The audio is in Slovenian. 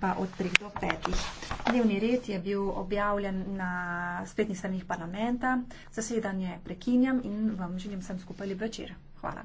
pa od 3 do 5. Dnevni red je bil objavljen na spletnih stranih parlamenta. Zasedanje prekinjam in vam želim vsem skupaj večer. Hvala.